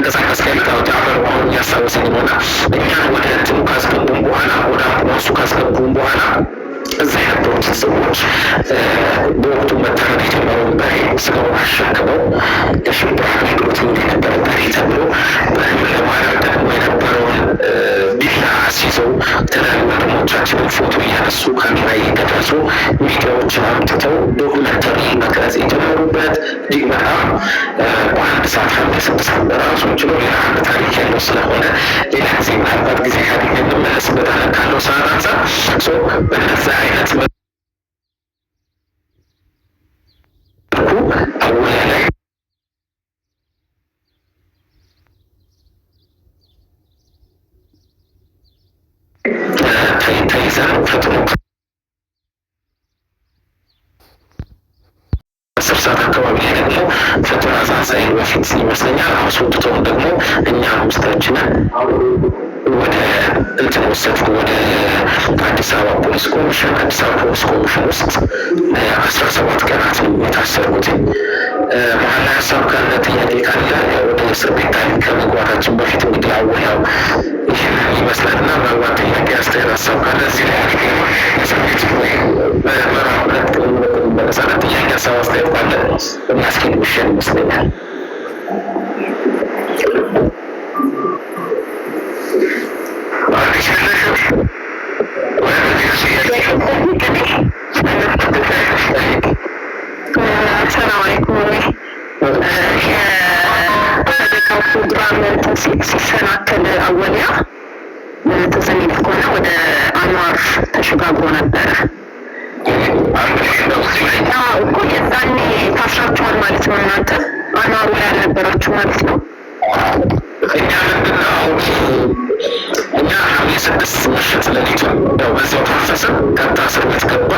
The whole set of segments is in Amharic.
እየተንቀሳቀስ ከሚታወቅ አበር አሁን እያስታወሰኝ ሆና እኛን ወደ እንትኑ ካስገቡም በኋላ ወደ አምቡላንሱ ካስገቡም በኋላ እዛ የነበሩት ሰዎች በወቅቱ መታረድ የጀመረውን በሬ ስጋውን አሻክመው ለሽብር አገልግሎት የነበረ በሬ ተብሎ በህብረ የነበረውን ቢላ አስይዘው የተለያዩ ወንድሞቻችንን ፎቶ እያነሱ ካሜራ እየቀረጹ ሚዲያዎችን አምጥተው ዶክመንተሪ መቅረጽ የጀመሩበት እጅግ በጣም በአንድ ሰዓት አንድ ስድስት ራሱን ችሎ ሌላ አንድ ታሪክ ያለው ስለሆነ ሌላ ጊዜ ምናልባት ጊዜ ካገኘ እንመለስበታለን ካለው ሰዓት አንጻር በነዛ አስር ሰዓት አካባቢ ላይ ደግሞ ፈጡራ ዛዛይ በፊት ይመስለኛል አስወጥቶ ደግሞ እኛ ውስጣችንን ወደ እንትን ወሰድኩ ወደ አዲስ አበባ ፖሊስ ኮሚሽን። አዲስ አበባ ፖሊስ ኮሚሽን ውስጥ አስራ ሰባት ቀናት ነው የታሰርኩት በኋላ ሀሳብ ካለ ጥያቄ ካለ ወደ እስር ቤት ታሪክ ከመግባታችን በፊት እንግዲህ አወያው ይህን ይመስላል እና ምናልባት ጥያቄ አስተያየት፣ ሀሳብ ካለ እዚህ ላይ እስር ቤት በመራ ሁለት የሚመለሳለ ጥያቄ፣ ሀሳብ፣ አስተያየት ካለ የሚያስኬድ ምሽን ይመስለኛል። ሰላም ሲሰናከል አወሊያ ተሰሚት ከሆነ ወደ አንዋር ተሸጋግሮ ነበረ እኮ የዛኔ ታስራችኋል ማለት ነው እናንተ አንዋሩ ላይ ያልነበራችሁ ማለት ነው ስድስት ጽሁፍ ስለልጅ ያው በዛው ተፈሰሰ ቀጣ እስር ቤት ገባ።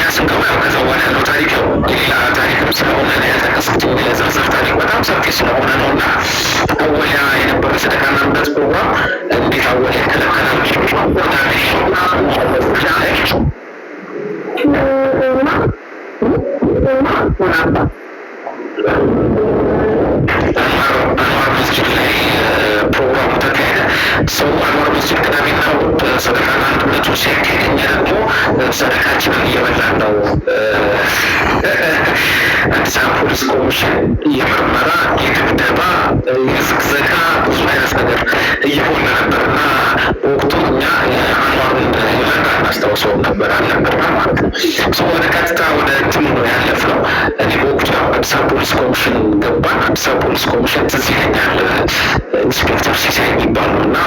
ያ ስንገባ ከዛ በኋላ ያለው ታሪክ ያው የሌላ ታሪክም ስለሆነ ያጠቀስኩት የዝርዝር ታሪክ በጣም ሰፊ ስለሆነ ነው እና አወያ የነበረ ስደቃና ፕሮግራም እንዴት አወያ ከለከላ ሚሎች ማቆርዳ አንዋር መስጅድ ላይ ፕሮግራሙ ተካሄደ። ሰው አንዋር መስጅድ ቅዳሜና ሰደቃና አንድነቱ ሲያካሄድ እኛ ደግሞ ሰደቃችንን እየበላን ነው። አዲስ አበባ ፖሊስ ኮሚሽን የምርመራ የድብደባ፣ የዝግዘጋ ብዙ አይነት ነገር እየሆነ ነበር እና ወቅቱ እኛ አንዋርን ይበላ ነበር አልነበረ ማለት ነው። ወደ ቀጥታ ወደ ትም ነው ያለፍነው እኔ በወቅቱ አዲስ አበባ ፖሊስ ኮሚሽን ገባን። አዲስ አበባ ፖሊስ ኮሚሽን ትዝ ይለኛል ኢንስፔክተር ሲሳይ የሚባል ነው እና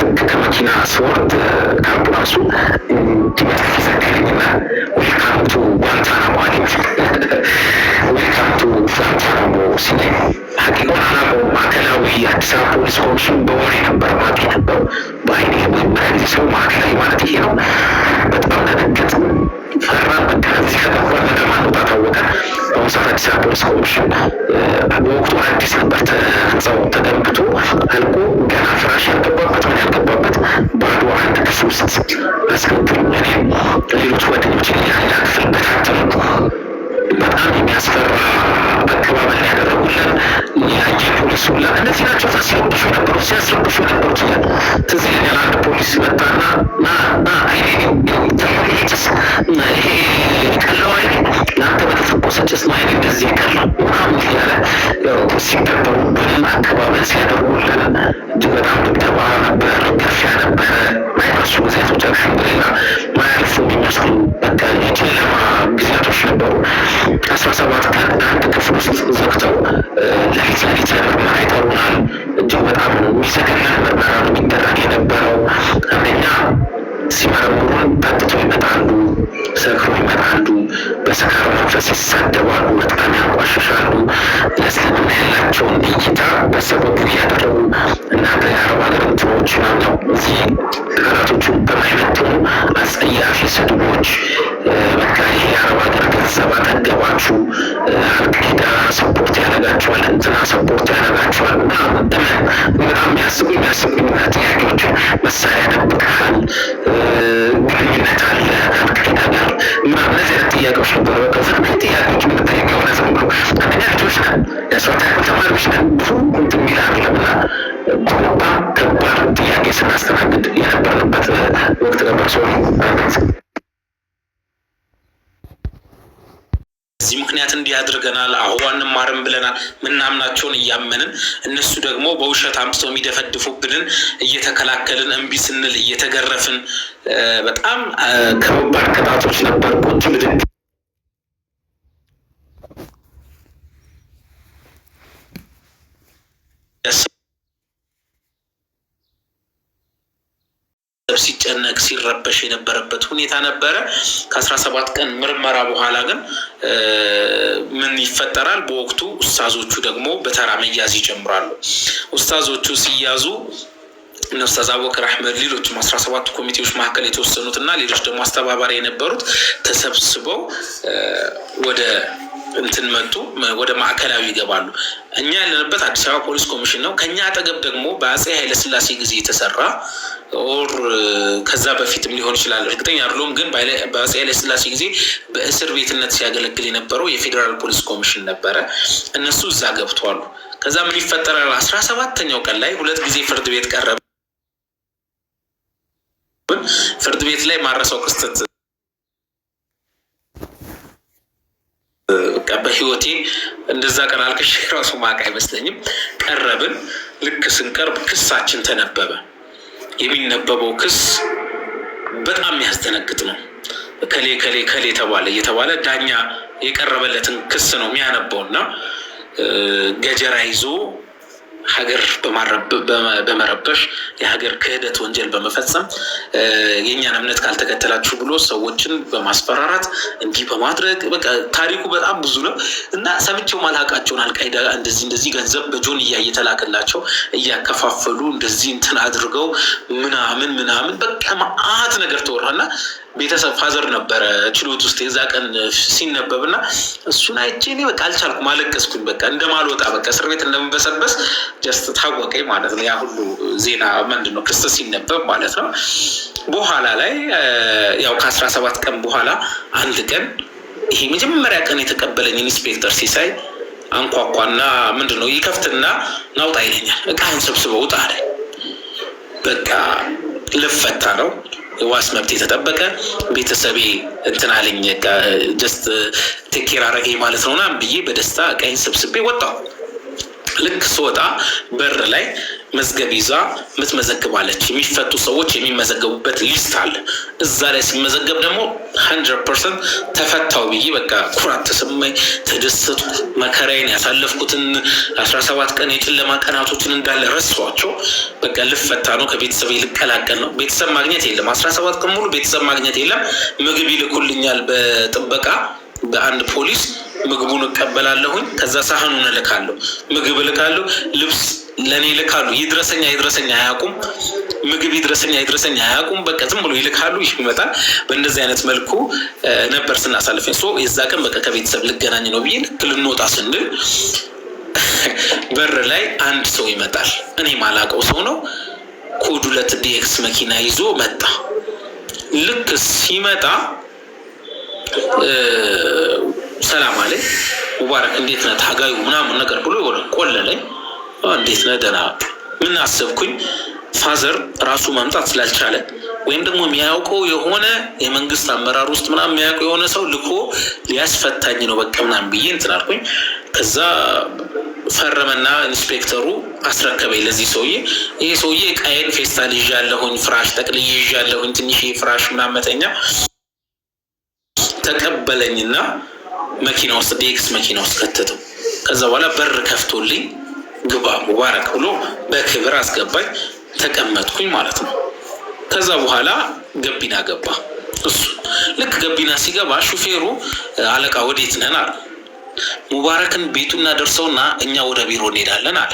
ህግ ከመኪና ስወርድ መጽሐፍ ሲያበር ሰዎች በወቅቱ አዲስ ነበር ህንፃው ተገንብቶ አልቆ ገና ፍራሽ ያልገባበት ምን ያልገባበት ባዶ አንድ ክፍል ውስጥ አስገብተው ሌሎች ጓደኞች ሌላ ክፍል በታተሉ በጣም የሚያስፈራ አቀባበል ያደረጉልን ያየ ፖሊስ ሁላ እነዚህ ናቸው ሲያስረብሹ ነበሩ ሲያስረብሹ ነበሩ ይላል። ትዝ ይለኛል አንድ ፖሊስ መጣና ና ና ይሄ ተለቤትስ ይሄ ቀለዋይ ለአንተ በተተኮሰ ጭስ እንደዚህ ቀረ ምናምን እያለ ሲገበሩ አከባበል ሲያደርጉልን እጅግ በጣም ድብደባ ነበር፣ ግፊያ ነበረ። ማይረሱ ጊዜያቶች አልሐምዱሊላ ማያልፉ የሚመስሉ ሲሳደባሉ፣ በጣም ያንቋሽሻሉ። ለእስልምና ያላቸውን እይታ በሰበቡ እያደረጉ እና በአረብ ሀገር እንትኖች ናምነው እዚህ ቃላቶቹን በማይመጥኑ አስጸያፊ ስድቦች በቃ ይሄ የአረብ ሀገር ገንዘብ አጠገባችሁ አልቃይዳ ሰፖርት ያደርጋችኋል፣ እንትና ሰፖርት ያደርጋችኋል ምናምን በጣም የሚያስቁ የሚያስቁ ጥያቄዎችን መሳሪያ ያደብቃል ተማሪዎች ነበሩ። ከዛ ጥያቄዎች ምንታ የሚሆነ ሰው ነው አንደኛ ልጆች ነን ተማሪዎች ነን ብዙ እንትን ሚል አለምና ጎባ ከባድ ጥያቄ ስናስተናግድ የነበርንበት ወቅት ነበር። ሲሆን በዚህ ምክንያት እንዲህ አድርገናል፣ አሁን አንማርም ብለናል ምናምናቸውን እያመንን እነሱ ደግሞ በውሸት አምስተው የሚደፈድፉብንን እየተከላከልን እምቢ ስንል እየተገረፍን በጣም ከባድ ቅጣቶች ነበር። ሲጨነቅ ሲረበሽ የነበረበት ሁኔታ ነበረ። ከአስራ ሰባት ቀን ምርመራ በኋላ ግን ምን ይፈጠራል? በወቅቱ ኡስታዞቹ ደግሞ በተራ መያዝ ይጀምራሉ። ኡስታዞቹ ሲያዙ እነ ኡስታዝ አቡበከር አህመድ ሌሎችም አስራ ሰባቱ ኮሚቴዎች መካከል የተወሰኑት እና ሌሎች ደግሞ አስተባባሪ የነበሩት ተሰብስበው ወደ እንትን መጡ ወደ ማዕከላዊ ይገባሉ። እኛ ያለንበት አዲስ አበባ ፖሊስ ኮሚሽን ነው። ከኛ አጠገብ ደግሞ በአፄ ኃይለስላሴ ጊዜ የተሰራ ኦር ከዛ በፊትም ሊሆን ይችላል እርግጠኛ አይደለሁም፣ ግን በአፄ ኃይለስላሴ ጊዜ በእስር ቤትነት ሲያገለግል የነበረው የፌዴራል ፖሊስ ኮሚሽን ነበረ። እነሱ እዛ ገብተዋሉ። ከዛ ምን ይፈጠራል? አስራ ሰባተኛው ቀን ላይ ሁለት ጊዜ ፍርድ ቤት ቀረብን። ፍርድ ቤት ላይ ማረሰው ክስተት በህይወቴ እንደዛ ቀን ራሱ ማቅ አይመስለኝም። ቀረብን። ልክ ስንቀርብ ክሳችን ተነበበ። የሚነበበው ክስ በጣም የሚያስደነግጥ ነው። ከሌ ከሌ ከሌ ተባለ እየተባለ ዳኛ የቀረበለትን ክስ ነው የሚያነበው እና ገጀራ ይዞ ሀገር በመረበሽ የሀገር ክህደት ወንጀል በመፈጸም የእኛን እምነት ካልተከተላችሁ ብሎ ሰዎችን በማስፈራራት እንዲህ በማድረግ በቃ ታሪኩ በጣም ብዙ ነው እና ሰምቼው ማልቃቸውን አልቃይዳ እንደዚህ እንደዚህ ገንዘብ በጆን እያ እየተላከላቸው እያከፋፈሉ እንደዚህ እንትን አድርገው ምናምን ምናምን በቃ መዓት ነገር ተወራና ቤተሰብ ፋዘር ነበረ ችሎት ውስጥ የዛ ቀን ሲነበብ እና እሱን አይቼ እኔ በቃ አልቻልኩም፣ አለቀስኩኝ። በቃ እንደማልወጣ በቃ እስር ቤት እንደምበሰበስ ጀስት ታወቀኝ ማለት ነው። ያ ሁሉ ዜና ምንድን ነው ክርስቶስ ሲነበብ ማለት ነው። በኋላ ላይ ያው ከአስራ ሰባት ቀን በኋላ አንድ ቀን ይሄ መጀመሪያ ቀን የተቀበለኝ ኢንስፔክተር ሲሳይ አንኳኳና ምንድን ነው ይከፍትና ናውጣ ይለኛል። እቃህን ሰብስበው ውጣ አለኝ። በቃ ልፈታ ነው የዋስ መብት የተጠበቀ ቤተሰቤ እንትን አለኝ ጀስት ትኬር አረገኝ ማለት ነውና ብዬ በደስታ ቀኝ ሰብስቤ ወጣሁ። ልክ ስወጣ በር ላይ መዝገብ ይዛ ምትመዘግባለች የሚፈቱ ሰዎች የሚመዘገቡበት ሊስት አለ። እዛ ላይ ሲመዘገብ ደግሞ ሀንድረድ ፐርሰንት ተፈታው ብዬ በቃ ኩራት ተሰማኝ፣ ተደሰቱ። መከራዬን ያሳለፍኩትን አስራ ሰባት ቀን የጨለማ ቀናቶችን እንዳለ ረሷቸው። በቃ ልፈታ ነው፣ ከቤተሰብ ልቀላቀል ነው። ቤተሰብ ማግኘት የለም። አስራ ሰባት ቀን ሙሉ ቤተሰብ ማግኘት የለም። ምግብ ይልኩልኛል በጥበቃ በአንድ ፖሊስ ምግቡን እቀበላለሁኝ። ከዛ ሳህኑን እልካለሁ፣ ምግብ እልካለሁ፣ ልብስ ለእኔ ይልካሉ። ይድረሰኛ ይድረሰኛ አያውቁም። ምግብ ይድረሰኛ ይድረሰኛ አያውቁም። በቃ ዝም ብሎ ይልካሉ፣ ይህ ይመጣል። በእንደዚህ አይነት መልኩ ነበር ስናሳልፍ። የዛ ቀን በቃ ከቤተሰብ ልገናኝ ነው ብዬ ልክ ልንወጣ ስንል በር ላይ አንድ ሰው ይመጣል። እኔ ማላውቀው ሰው ነው። ኮድ ሁለት ዲኤክስ መኪና ይዞ መጣ። ልክ ሲመጣ ሰላም አለኝ፣ ሙባረክ እንዴት ነህ ታጋዩ ምናምን ነገር ብሎ የሆነ ቆለለኝ እንዴት ነህ ደህና ምን አሰብኩኝ ፋዘር ራሱ መምጣት ስላልቻለ ወይም ደግሞ የሚያውቀው የሆነ የመንግስት አመራር ውስጥ ምናምን የሚያውቀው የሆነ ሰው ልኮ ሊያስፈታኝ ነው በቃ ምናምን ብዬ እንትን አልኩኝ። ከዛ ፈረመና ኢንስፔክተሩ አስረከበኝ ለዚህ ሰውዬ። ይህ ሰውዬ ቃየን ፌስታል ይዣለሁኝ፣ ፍራሽ ጠቅልዬ ይዣለሁኝ፣ ትንሽ ፍራሽ ምናምን መተኛ ተቀበለኝና መኪና ውስጥ ዴክስ መኪና ውስጥ ከተተው። ከዛ በኋላ በር ከፍቶልኝ ግባ ሙባረክ ብሎ በክብር አስገባኝ። ተቀመጥኩኝ ማለት ነው። ከዛ በኋላ ገቢና ገባ እሱ። ልክ ገቢና ሲገባ ሹፌሩ አለቃ ወዴት ነን አለ። ሙባረክን ቤቱ እናደርሰውና እኛ ወደ ቢሮ እንሄዳለን አለ።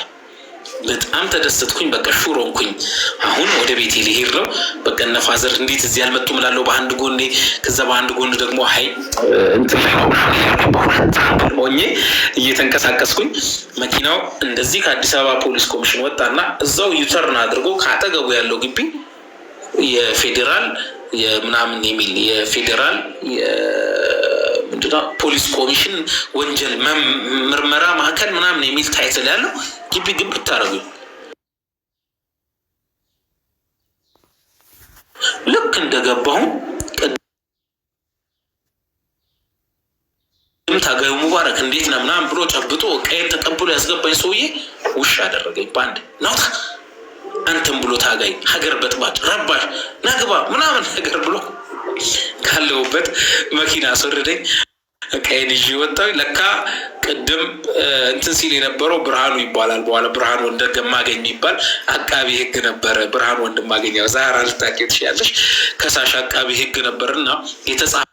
በጣም ተደሰትኩኝ። በቃ ሹሮንኩኝ። አሁን ወደ ቤቴ ሊሄድ ነው። በቃ እነ ፋዘር እንዴት እዚህ አልመጡም እላለሁ በአንድ ጎኔ። ከዛ በአንድ ጎን ደግሞ ሀይ ሆኜ እየተንቀሳቀስኩኝ መኪናው እንደዚህ ከአዲስ አበባ ፖሊስ ኮሚሽን ወጣና እዛው ዩተርን አድርጎ ከአጠገቡ ያለው ግቢ የፌዴራል ምናምን የሚል የፌዴራል ፖሊስ ኮሚሽን ወንጀል ምርመራ ማዕከል ምናምን የሚል ታይትል ያለው ግቢ ግብ ብታደረጉ ልክ እንደገባሁም ታጋዩ ሙባረክ እንዴት ነህ ምናምን ብሎ ጨብጦ ቀይር ተቀብሎ ያስገባኝ ሰውዬ ውሽ አደረገኝ። በአንድ ናውታ አንተም ብሎ ታጋይ፣ ሀገር በጥባጭ፣ ረባሽ ናግባ ምናምን ነገር ብሎ ካለሁበት መኪና አስወረደኝ። ቀይድ ይዤ ወጣሁ። ለካ ቅድም እንትን ሲል የነበረው ብርሃኑ ይባላል። በኋላ ብርሃኑ ወንድማገኝ የሚባል አቃቢ ህግ ነበረ። ብርሃኑ ወንድማገኝ ዛራ ልታቄ ትችያለሽ። ከሳሽ አቃቢ ህግ ነበር እና የተጻፈ